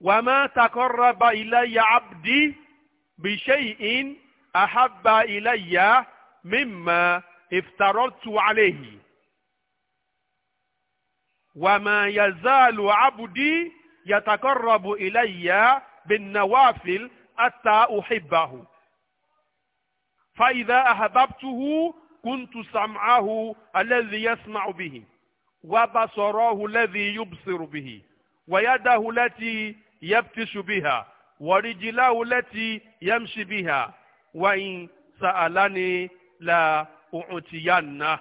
وما تقرب إلي عبدي بشيء أحب إلي مما افترضت عليه وما يزال عبدي يتقرب إلي بالنوافل حتى أحبه فإذا أحببته كنت سمعه الذي يسمع به وبصره الذي يبصر به ويده التي yabtishu biha warijilahu lati yamshi biha wa in sa'alani la u'tiyanna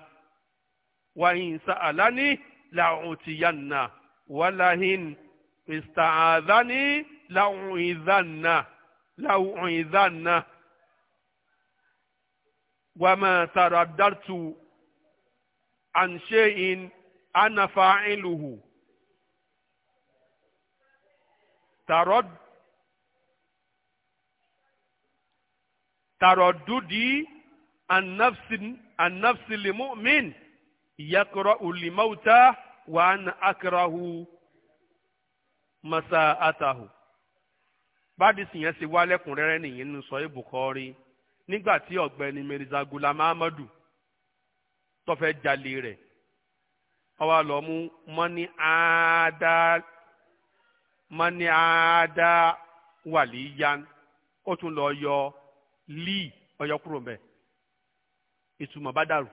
wa in sa'alani la u'tiyanna wa lahin ista'adhani la u'idhanna la u'idhanna wa ma taraddartu an shay'in ana fa'iluhu tàrọ́ tàrọ́ dúdí annafsilimu min ìyàkọrọ olùmọ́ta wà á akarahu masa atahu báàdì sì yẹn ṣe wá lẹ́kùnrẹ́rẹ́ nìyẹn nínú sọ ibùkọ́rí nígbà tí ọ̀gbẹ́ni mirza gulam ahmadu tó jalè rẹ̀ ó wá mú mọ́ni àádáa mani ada wàlíyan ó tún lọ yọ líì ọyọ kúrò mbẹ ìtumọ̀ bá dàrú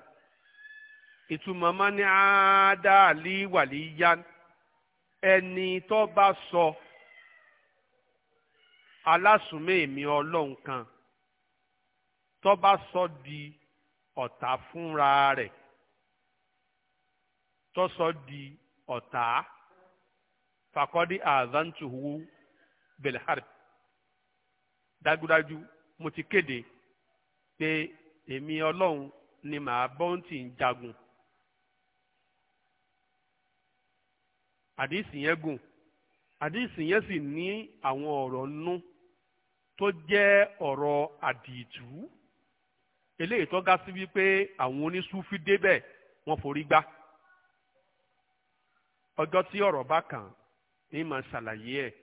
ìtumọ̀ mani ada lí wàlíyan ẹni tó bá sọ alásùnmẹ́ẹ̀mí ọlọ́run kan tó bá sọ di ọ̀tá fúnra rẹ̀ tó sọ di ọ̀tá fàkọ́dí àzántuhu belharb dájúdájú mo ti kéde pé èmi ọlọ́run ni màá bọ́ǹtì ń jagun àdìsí yẹn gùn àdìsí yẹn sì ní àwọn ọ̀rọ̀ nú tó jẹ́ ọ̀rọ̀ àdìtú eléyìí tó ga sí wípé àwọn onísúfí débẹ̀ wọ́n forí gbá ọjọ́ tí ọ̀rọ̀ bá kàn án ní màá ṣàlàyé ẹ̀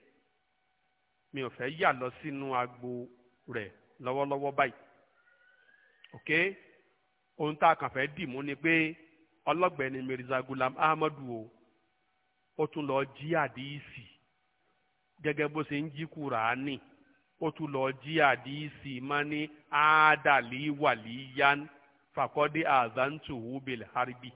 mi ò fẹ́ yà lọ sínú agbo rẹ̀ lọ́wọ́lọ́wọ́ báyìí ok ohun tá a kàn fẹ́ dì mú ni pé ọlọ́gbẹ̀ni Mirza Gulam Ahmadu o ó tún lọ jí àdíìsì gẹ́gẹ́ bó ṣe ń jí Kùránì ó tún lọ jí àdíìsì má ní áádàlí wàlíyán fàkọ́dé àzántuhu bil harbi.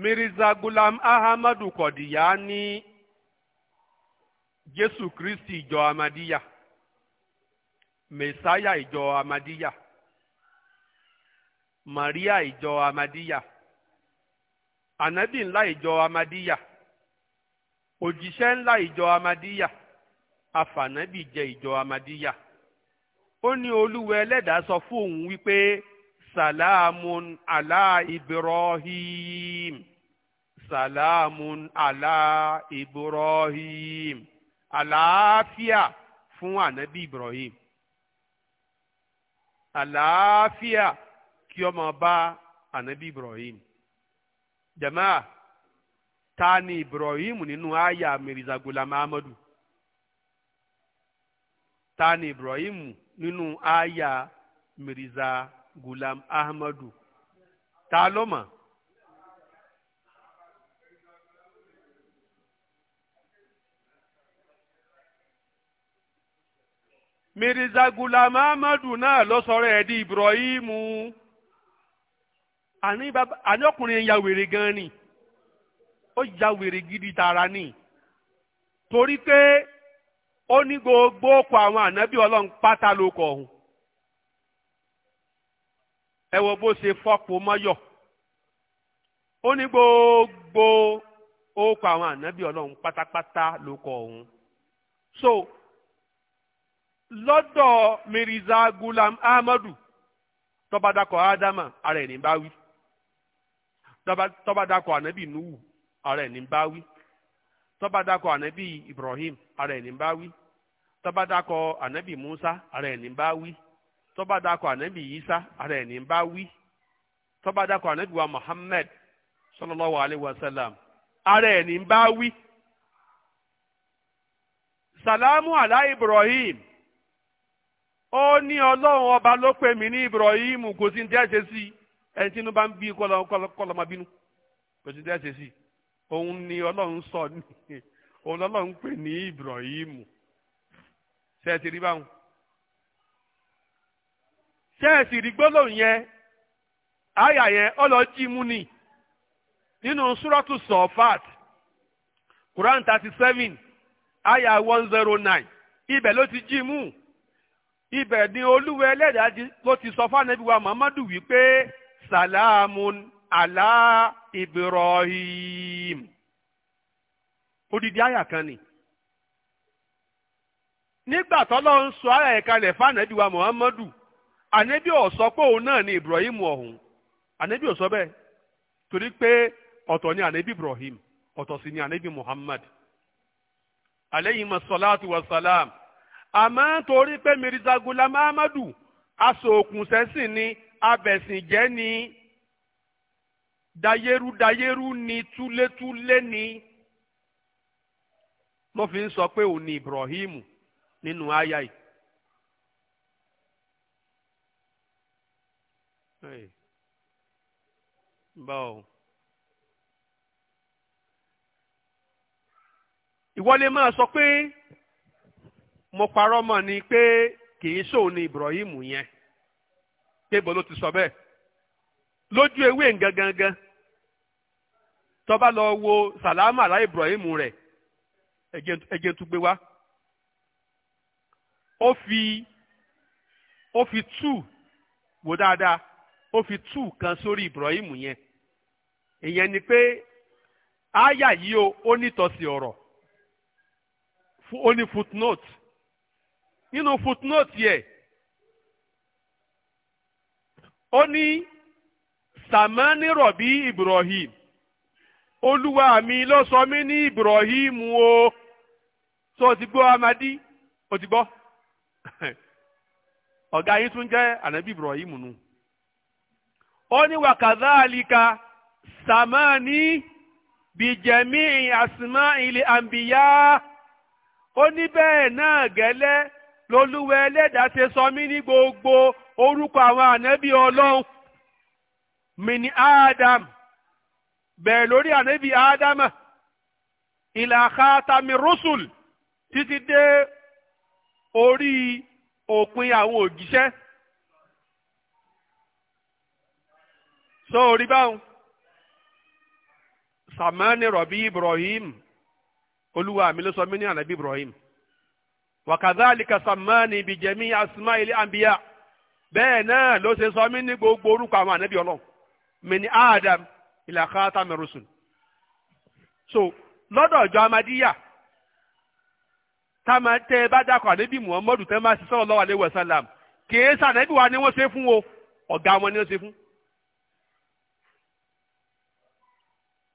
mirza gulam ahamadu kọ̀dìyà ní jésù kristi ìjọ amadiya mẹsáyà ìjọ amadiya maria ìjọ amadiya ànábì ńlá ìjọ amadiya òjíṣẹ́ ńlá ìjọ amadiya afànábì jẹ ìjọ amadiya ó ní olúwa ẹlẹ́dàá sọ fún òun wípé salamun ala ibrahim salamun ala ibrahim àlàáfíà fún ànábì ibrahim àlàáfíà kí ó máa bá ànábì ibrahim jama ta ni ibrahim nínú àyà mirza gulam ahmadu ta ni ibrahim nínú àyà mirza. Gulam Ahmadu ta ló Mirza Gulam Ahmadu náà lọ sọ̀rọ̀ ẹ̀ di Ibrahimu àní ọkùnrin yẹn ya wèrè gan ni ó ya wèrè gidi tara ni torí pé ó ní gbogbo àwọn ànábì ọlọ́run pátá ló ọ̀hún ẹ wo bó ṣe fọ́pọ̀ mọ́yọ̀ ó ní gbogbo orúkọ àwọn ànábì ọlọ́run pátápátá ló kọ òun so lọ́dọ̀ Mirza Gulam Ahmadu tọ́ba dakọ̀ Ádámà ara ẹ̀ ní bá wí tọ́ba dakọ̀ ànábì Nuhu ara ẹ̀ ní bá wí tọ́ba ànábì Ibrahim ara ẹ̀ ní bá wí tọ́ba ànábì Musa ara ẹ̀ bá wí. tó bá dakọ ànábì Ìsá ara ẹni wi wí tó bá dakọ ànábì wa Muhammad sallallahu alayhi wa sallam ara ẹni wi. salamu ala ibrahim ó ní ọlọ́run ọba ló pè mí ní ibrahim kò sí ní tí a ṣe sí ẹni tí inú bá ń bí kọlọmọ bínú kò sí ní òun ni ọlọ́run sọ ní òun lọ́lọ́run pè ní ibrahim ṣe é ti rí báwọn. tẹ́ẹ̀sì rí gbólóhùn yẹn àyà yẹn ọlọ́jì mú ni nínú súrọ́tù sọ̀fàt Quran thirty seven àyà one zero nine ibẹ̀ ló ti jí mú ibẹ̀ ni olúwa ẹlẹ́dàá ló ti sọ fún anabi wa muhammadu wípé salamu ala ibrahim odidi àyà kan ni nígbà tọ́lọ́ ń sọ àyà ẹ̀ka lẹ̀ fún anabi wa muhammadu ànẹ́bí ò o pé òun náà ni Ibrahim ọ̀hún ànẹ́bí ò sọ bẹ́ẹ̀ torí pé ọ̀tọ̀ ni ànẹ́bí Ibrahim ọ̀tọ̀ sì ni ànẹ́bí Muhammad aleyhi masalatu wa salam àmọ́ torí pé Mirza Ghulam Ahmadu asòkùnsẹ́sìn ni abẹ̀sìnjẹ́ ni dayeru ni túlétúlé ni mo fi ń sọ pé òun ni Ibrahim nínú ayai. rẹ̀ bá ọ. ìwọ lè máa sọ pé mo parọ́ mọ́ ni pé kì í ṣòun ni Ibrahim yẹn pé bó ló ti sọ bẹ́ẹ̀ lójú ewé gangan tó bá lọ wo sàlámà láì Ibrahim rẹ̀ ẹ̀jẹ̀ tó gbé wá ó fi ó fi two wò dáadáa ó fi tú kan sórí Ibrahim yẹn ìyẹn ni pé aya yìí o ó nítòsí ọ̀rọ̀ ó ní footnote nínú footnote yẹ ó ní sàmánì rọ̀bí Ibrahim olúwa mi ló sọ mí ní Ibrahim o tó ti gbọ́ amadi o ti gbọ́ ọ̀gá yín tún jẹ́ ànábì Ibrahim nù. No ó ní wàkàdáàlìkà sàmáàní bìjẹ̀mí àsìmá ilé àǹbìyá ó ní bẹ́ẹ̀ náà gẹ́lẹ́ lolúwa ẹlẹ́dàá ṣe sọ mí ní gbogbo orúkọ àwọn ànábì ọlọ́run mini adam bẹ̀rẹ̀ lórí ànábì ádámà ìlà khatami rusul títí dé orí òpin àwọn òjíṣẹ́ sórí báwọn samani rọ̀bí ibrahim olúwa mi ló sọ mí ní ànábì ibrahim wàkàdálìkà samani bìjẹ̀mí asma ilé àmbíyá bẹ́ẹ̀ náà ló ṣe sọ mí ní gbogbo orúkọ àwọn ànábì ọlọ́run mi ní adam ilà khatami rusul so lọ́dọ̀ ọjọ́ amadíyà táwọn tẹ bá dákọ̀ ànábì muhammadu tẹ́ máa ṣiṣẹ́ ọlọ́wà lẹ́wọ̀ sálàm kì í sànábì wa ni wọ́n ṣe fún o ọ̀gá wọn ni wọ́n ṣe fún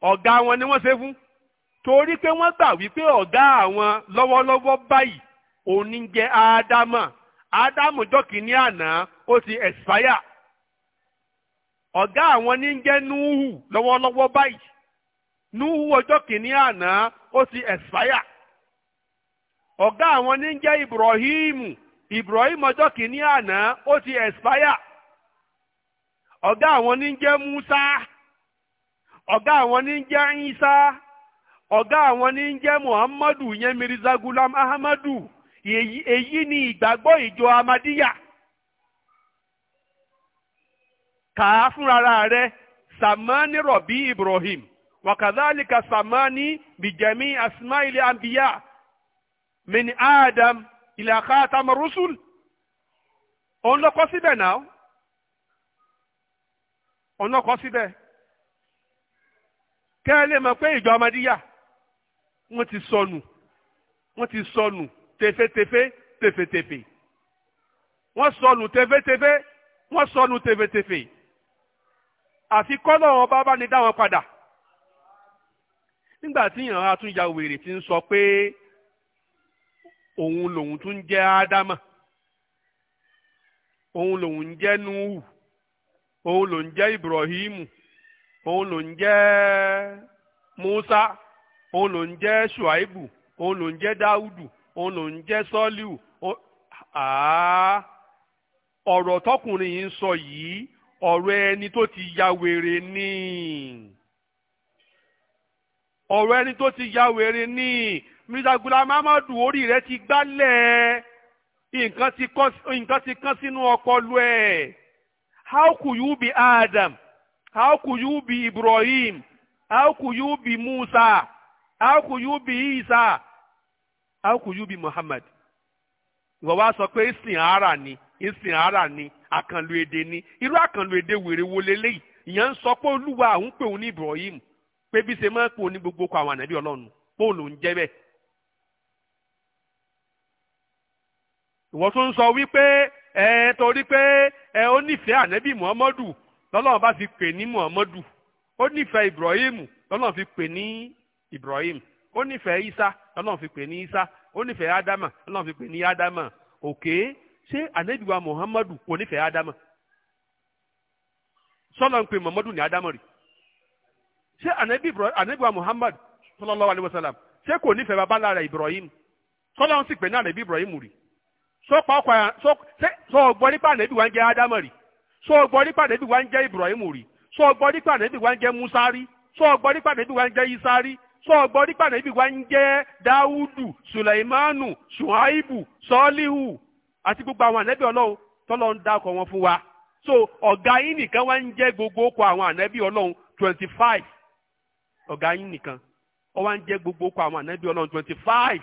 ọ̀gá wọn ni wọ́n ṣe fún torí pé wọ́n gbà wípé ọ̀gá àwọn lọ́wọ́lọ́wọ́ báyìí òní jẹ́ ádámà ádámù jọ́kìíní àná ó ti ẹ̀sìpáyà ọ̀gá àwọn ní jẹ́ núhù lọ́wọ́lọ́wọ́ báyìí núhù ọjọ́ kìíní àná ó ti ẹ̀sìpáyà ọ̀gá àwọn ní jẹ́ ibrahimu ibrahim ọjọ́ kìíní àná ó ti ẹ̀sìpáyà ọ̀gá àwọn ní jẹ́ musa. ọ̀gá àwọn ní jẹ́ Isa ọ̀gá àwọn ní jẹ́ Muhammadu yẹn Mirza Gulam Ahmadu èyí ni ìgbàgbọ́ ìjọ Amadiya kà á fúnra rẹ samani rọ̀bí Ibrahim wakadhalika samani bijami asmaili anbiya min Adam ila khatam rusul òun ló síbẹ̀ náà òun ló síbẹ̀ kẹ́ ẹ lè mọ̀ pé ìjọ amadíyà wọ́n ti sọnù wọ́n ti sọnù tefetefe tefetefe wọ́n sọnù tefetefe wọ́n sọnù tefetefe àfi kọ́nà wọn bá bá ní dá wọn padà nígbà tí ìyàn atúnyà wèrè ti ń sọ pé òun lòun tún jẹ́ ádámà òun lòun jẹ́ núhù òun lòun jẹ́ ibrahimu òun ló ń jẹ́ Musa òun ló ń jẹ́ Shuaibu òun ló ń jẹ́ Dáúdù òun ló ń jẹ́ Sọ́líù ọ̀rọ̀ tọkùnrin yìí ń sọ yìí ọ̀rọ̀ ẹni tó ti ya wèrè ni ọ̀rọ̀ ẹni tó ti ya wèrè ni Mirza Ghulam Ahmadu orí rẹ̀ ti gbálẹ̀ nǹkan ti kan sínú ọpọlọ ẹ̀ how could you be Adam? How could you be Ibrahim? How could you be Musa? How could you be Isa? How could you be Muhammad? Ìwọ wá sọ pé ìsìn ara ni ìsìn ara ni àkànlò èdè ni irú àkànlò èdè wèrè wo leléyìí ìyẹn ń sọ pé olúwa òun pè òun ní Ibrahim pé bí ṣe máa ń pè òun ní gbogbo ọkọ àwọn ànábì Ọlọ́run póòlù ń jẹ́ bẹ́ẹ̀. Ìwọ tún ń sọ wípé ẹ torí pé ẹ ó nífẹ̀ẹ́ ànábì Muhammadu lọ́lọ́run bá fi pè ní muhammadu ó nífẹ̀ẹ́ ibrahim lọ́lọ́run fi pè ní ibrahim ó nífẹ̀ẹ́ isa lọ́lọ́run fi pè ní isa ó nífẹ̀ẹ́ adama lọ́lọ́run fi pè ní adama òkè ṣé anabiwa muhammadu kò nífẹ̀ẹ́ adama sọlọ ń pè muhammadu ní adama rí ṣé anabi anabiwa muhammad sallallahu alaihi wasallam ṣé kò nífẹ̀ẹ́ baba lára ibrahim sọlọ ń sì pè ní anabi ibrahim rí sọ pa ọkọ sọ gbọ́ nípa anabiwa ń jẹ́ adama rí sọ ọgbọ́n nípa ànẹ́bí wa ń jẹ́ Ibrahim rí sọ ọgbọ́n nípa ànẹ́bí wa ń jẹ́ Musa rí sọ ọgbọ́n nípa ànẹ́bí wa ń jẹ́ Isa rí sọ ọgbọ́n nípa ànẹ́bí wa ń jẹ́ Dáúdù Sùlẹ̀mánù Ṣùháìbù Sọ́líhù àti gbogbo àwọn ànẹ́bí Ọlọ́run tọ́lọ́ ń dákọ̀ wọn fún wa so ọ̀gá yín nìkan wá ń jẹ́ gbogbo okọ̀ àwọn ànẹ́bí Ọlọ́run twenty five ọ̀gá yín nìkan ó wá ń jẹ́ gbogbo okọ̀ àwọn ànẹ́bí Ọlọ́run twenty five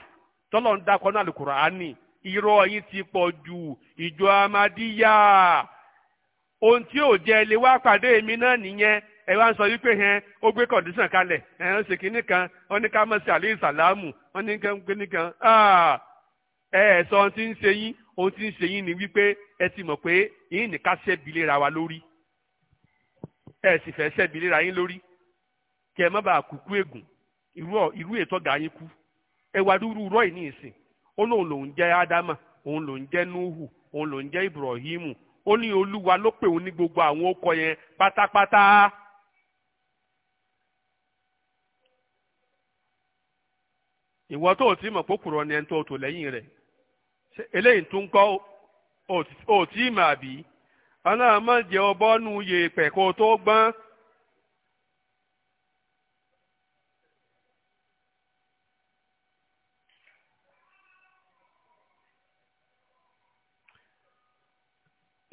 tọ́lọ́ ń dákọ̀ náà Al-Kùránì irọ́ yín ti pọ̀ ju ìjọ amadíyà ohun tí ò jẹ lè wá pàdé mi náà nìyẹn ẹ sọ wípé yẹn ó gbé kọ̀dísàn kalẹ̀ ẹ ń ṣe nìkan kan ní ká mọ̀ sí àlẹ́ ah! tí ń ṣe yín ohun tí ṣe yín ni wípé ẹ mọ̀ pé yín ní ká wa lórí ẹ sì lórí kí ẹ má bàa ègùn irú ètò ọ̀gá yín kú ẹ wá dúró ìsìn ó lóun jẹ́ ádámà ó ní olúwa ló pè òun ní gbogbo àwọn ọkọ yẹn pátápátá. ìwọ tó o ti mọ̀ pé ni ẹni tó o tò lẹ́yìn rẹ̀ eléyìí tó ń kọ́ ò tí ì mà bí ọlọ́run má jẹ́ ọbọ́nú yèèpẹ̀ kó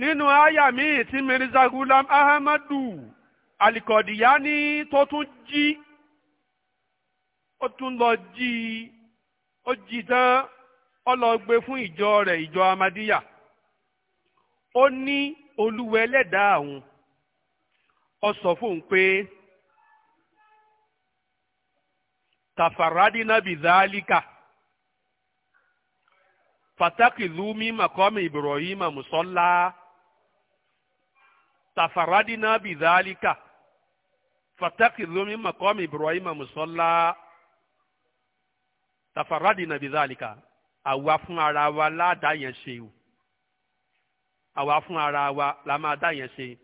nínú àyà míì tí mirza gulam ahmadu alikọ̀dìyání tó tún jí ó tún lọ jí ó jí tán ó lọ gbé fún ìjọ rẹ̀ ìjọ amadiya ó ní olúwa ẹlẹ́dàá àwọn ó sọ fún un pé tafaradina bidhalika fatakidhu mi makomi ibrahima musalla. tafaradina bidhalika fatakidhu min maqami ibrahima musalla tafaradina bidhalika àwa fún ara wa ládàá yẹn ṣe o àwa fún ara wa la máa dá yẹn ṣe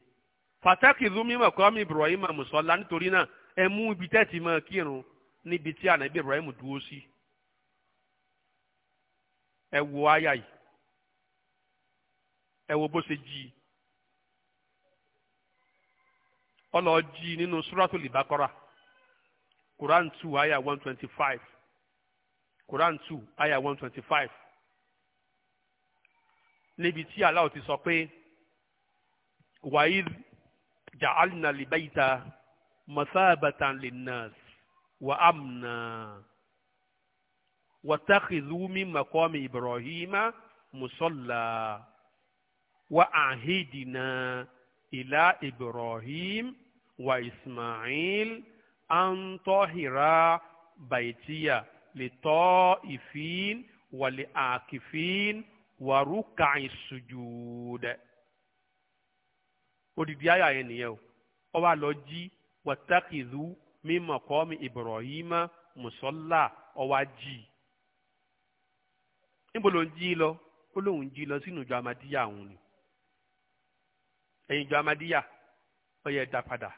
fatakidhu min maqami ibrahima musalla nítorí náà ẹ mú ibi tẹ́tì máa kírun níbi tí ànábì ibrahim dúró sí ẹ wo àyà yìí ẹ wo bó ṣe jí i ó lọ jí nínú suratul Baqara Quran two aya one twenty five Quran two aya one twenty five níbi tí Allah ti sọ pé wa'idh ja'alna al-bayta mathabatan lin-nas wa amna wattakhidhu Ibrahima musalla wa ahidina ila Ibrahim. وإسماعيل أن طهرا tọ́hìrá لطائفين lè وركع ìfín wà lè àkìfín wà rúkà ìsùjúdẹ. odidi àyà yẹn nìyẹn o ọ wá lọ jí wàtàkìlú mímọ kọ́ mi ibrahima mùsọ́lá jí níbo ló ń jí lọ ó lóun jí lọ sínú ìjọ amadíyà òun ni ẹ̀yin ìjọ amadíyà ó dá padà.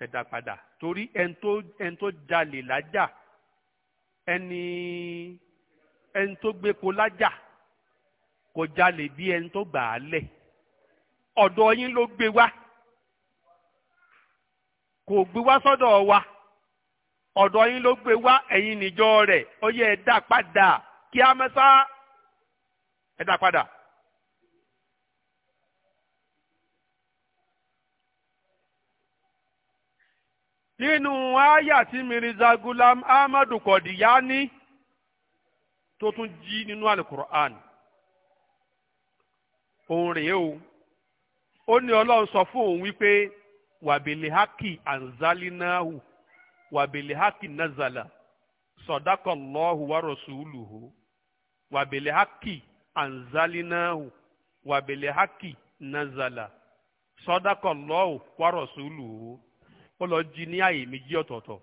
ẹ padà torí ẹni tó ẹni tó jalè lájà ẹni ẹni tó gbépo lájà kò jalè bí ẹni tó gbà á lẹ̀ ọ̀dọ̀ yín ló gbé wá kò gbé wá sọ́dọ̀ wa ọ̀dọ̀ yín ló gbé wá ẹ̀yin níjọ́ rẹ̀ ó yẹ ẹ padà kí a mẹ́sà padà. nínú àyà tí Mirza Gulam Ahmadu Kọ̀dìyání tó tún jí nínú alukur'an òun rèé o ó ní ọlọ́run sọ fún òun wípé wàbìlìhákì anzalinahu wàbìlìhákì nazala sọdákọlọ́hu wàrọ̀sùlùhù wàbìlìhákì anzalinahu wàbìlìhákì nazala sọdákọlọ́hu wàrọ̀sùlùhù. ó lọ jí ní àyè méjì ọ̀tọ̀ọ̀tọ̀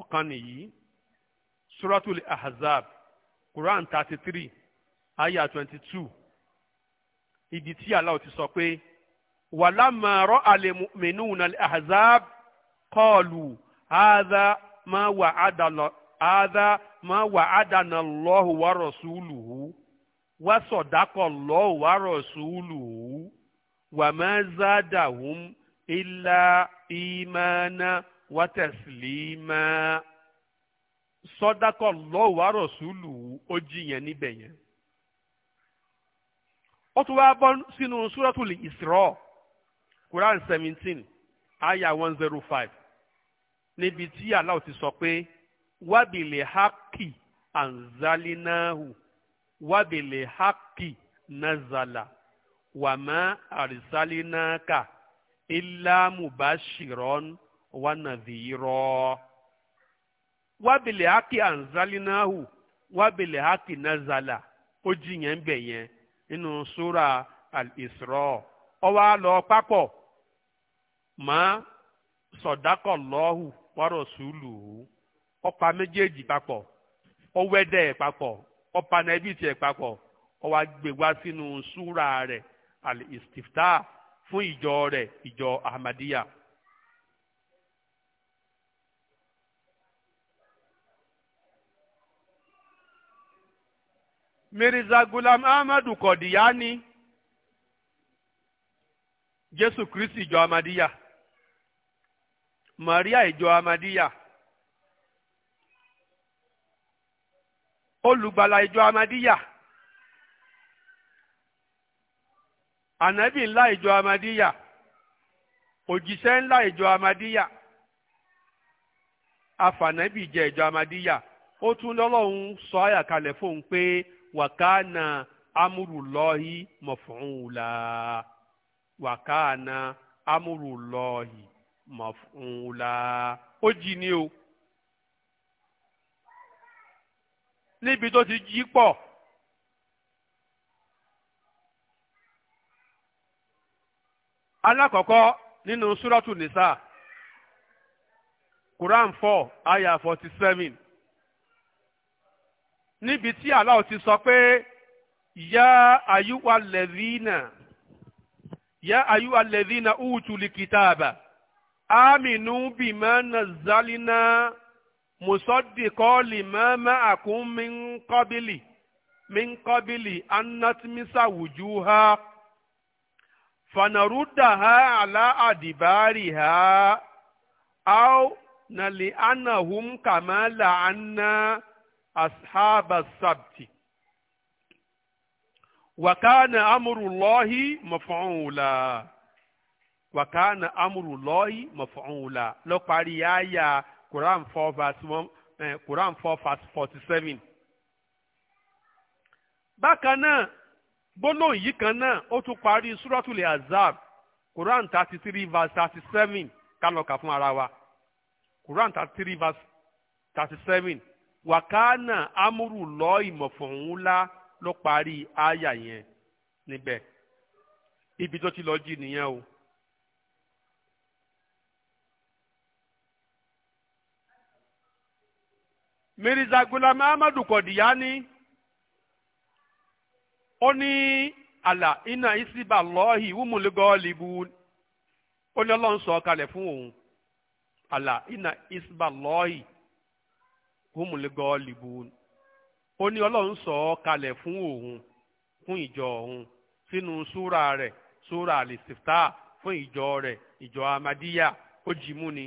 ọ̀kan nìyí suratul ahzab quran thirty three ayah twenty two ibi tí Allah ti sọ pé wàlámà rọ́ àlè mẹ́núùnà ahzab kọ́ọ̀lù hadha ma wa'adana Allahu wa rasuluhu wa sadaqa Allahu wa rasuluhu. وما زادهم إلا إيمانا وتسليما صدق ma ورسوله ojiyan níbẹ̀ yẹn ó tún wáá bọ́ sínú suratul Isra Quran seventeen aya one zero five níbi tí ti sọ pé wábìlì hákì anzalinahu wábìlì hákì nazala. wàmà àrísálínàkà ìlàmùbáṣìrán wànàdìírọ. wábìlẹ̀ hákì àǹzálínáhù wábìlẹ̀ hákì nazala ó jiyàn ń nínú súra al ọwọ́ á pápọ̀ mọ́ sọ̀dákọ̀ lọ́hù wọ́rọ̀ sùúlù ọ̀pá méjèèjì papọ̀ ọwẹ́dẹ̀ papọ̀ ọ̀pá nàbìtì papọ̀ ọwọ́ àgbègbà sínú súra rẹ̀ al-istifta fún ìjọ rẹ̀ ìjọ ahmadiyya. mirza gulam ahmadu kọ̀díyání jésù kristi ìjọ ahmadiyya maria ìjọ ahmadiyya olùgbàlà ìjọ ahmadiyya. ànábì ńlá ìjọ amadíyà ńlá ìjọ amadíyà afànábì jẹ ìjọ amadíyà ó tún lọ́lọ́run sọ àyà kalẹ̀ fóun pé wàkánà amúrùlọ́hì mọ̀fúnula wàkánà amúrùlọ́hì mọ̀fúnula ó jí ni o níbi tó ti jí pọ̀. alákọ̀ọ́kọ́ nínú súrọ́tù nìsà Quran four aya forty seven níbi tí Allah ti sọ pé yá ayúwa lẹ́dínà yá ayúwa lẹ́dínà útùlì kìtàbà ámìnú bìmọ̀ nàzálínà mùsọ̀dìkọ́ lìmọ̀ ma'akum min qabili min qabili fanarudaha ala adibariha aw nali'anahum kama la'anna ashaba sabti wakana amurullahi maf'ula wakana amurullahi maf'ula ló parí àyà Quran four verse one eh, Quran four verse forty bákan náà gbólóhùn yìí kan náà ó tún parí suratul azab quran thirty three verse thirty seven ká fún ara wa quran thirty three verse thirty seven wàkánà amúrù lọ ìmọ̀fọ̀húnlá ló parí àyà yẹn níbẹ̀ ibi tó ti lọ jí nìyẹn o. mirza gulam ahmadu ó ní àlà iná ìsìbà lọ́ọ̀hì wúmùlùgọ́ libu ó ní ọlọ́run sọ kalẹ̀ fún ala àlà iná ìsìbà lọ́ọ̀hì wúmùlùgọ́ libu ó ní ọlọ́run sọ kalẹ̀ fún òun fún ìjọ òun sínú súra rẹ̀ súra àlìsìftà fún ìjọ rẹ̀ ìjọ amadíyà ó ni.